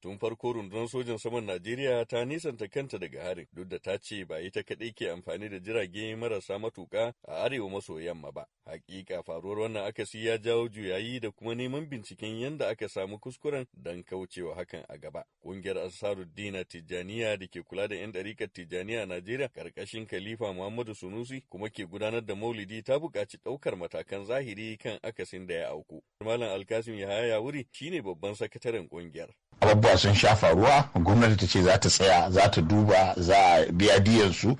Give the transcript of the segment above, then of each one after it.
Tun farko rundunar sojan saman Najeriya ta nisanta kanta daga harin duk da ta ce ba ita kaɗai ke amfani da jirage marasa matuƙa a arewa maso yamma ba. Hakika faruwar wannan akasi ya jawo juyayi da kuma neman binciken yadda aka samu kuskuren don kaucewa hakan a gaba. Ƙungiyar dina Tijjaniya da ke kula da 'yan ɗarikar Tijjaniya a Najeriya ƙarƙashin Khalifa Muhammadu Sunusi kuma ke gudanar da maulidi ta buƙaci ɗaukar matakan zahiri kan akasin da ya auku. Malam Alkasim Yahaya Wuri shine babban sakataren ƙungiyar. abubuwa sun shafa ruwa gwamnati ta ce za ta tsaya za ta duba za a biya diyansu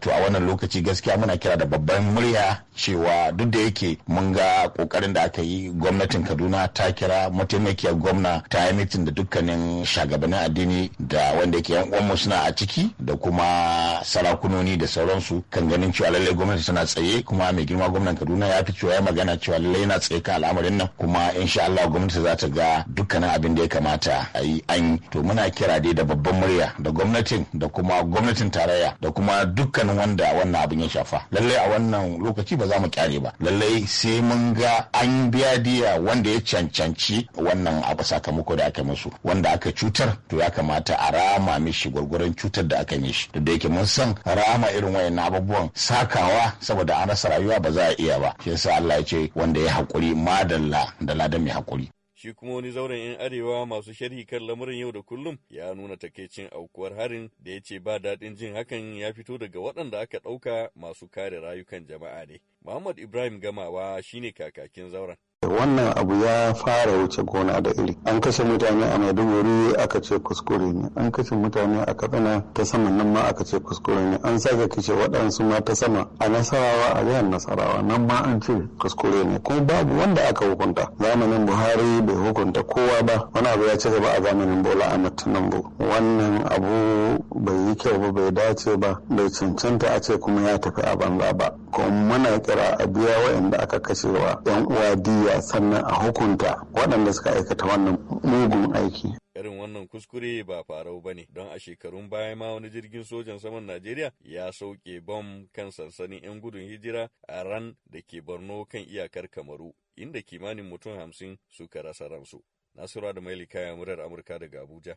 to a wannan lokaci gaskiya muna kira da babban murya cewa duk da yake mun ga kokarin da aka yi gwamnatin kaduna ta kira mataimakiyar gwamna ta yi mitin da dukkanin shagabannin addini da wanda ke yan uwanmu suna a ciki da kuma sarakunoni da sauransu kan ganin cewa lallai gwamnati tana tsaye kuma mai girma gwamnan kaduna ya fi cewa ya magana cewa lallai yana tsaye kan al'amarin nan kuma insha Allah gwamnati za ta ga dukkanin abin da ya kamata yi an yi to muna kira dai da babban murya da gwamnatin da kuma gwamnatin tarayya da kuma dukkanin wanda wannan abin ya shafa lallai a wannan lokaci ba za mu kyare ba lallai sai mun ga an biya diya wanda ya cancanci wannan abu sakamako da aka musu wanda aka cutar to ya kamata a rama mishi gwargwaron cutar da aka mishi da yake mun san rama irin wayan abubuwan sakawa saboda an rasa rayuwa ba za a iya ba shi yasa Allah ya ce wanda ya haƙuri madalla da ladan mai hakuri. Shi kuma wani zauren 'yan arewa masu sharhi kan lamurin yau da kullum ya nuna takeicin aukuwar harin da ya ce ba daɗin jin hakan ya fito daga waɗanda aka ɗauka masu kare rayukan jama'a ne. Muhammad Ibrahim Gamawa shine kakakin zauren. wannan abu ya fara wuce gona da iri an kashe mutane a maiduguri aka ce kuskure ne an kashe mutane a katsina ta sama nan ma aka ce kuskure ne an sake kashe waɗansu ma ta sama a nasarawa a jihar nasarawa nan ma an ce kuskure ne Ko babu wanda aka hukunta zamanin buhari bai hukunta kowa ba wani abu ya ci gaba a zamanin bola ahmed tinubu wannan abu bai yi kyau ba bai dace ba bai cancanta a ce kuma ya tafi a banza ba kuma muna kira a biya waɗanda aka kashewa yan uwa diya shari'a sannan a hukunta waɗanda suka aikata wannan mugun aiki. Irin wannan kuskure ba farau ba ne don a shekarun baya ma wani jirgin sojan saman Najeriya ya sauke bom kan sansanin 'yan gudun hijira a ran da ke Borno kan iyakar Kamaru inda kimanin mutum hamsin suka rasa ransu. Nasiru da Maili Kaya Murar Amurka daga Abuja,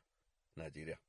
Najeriya.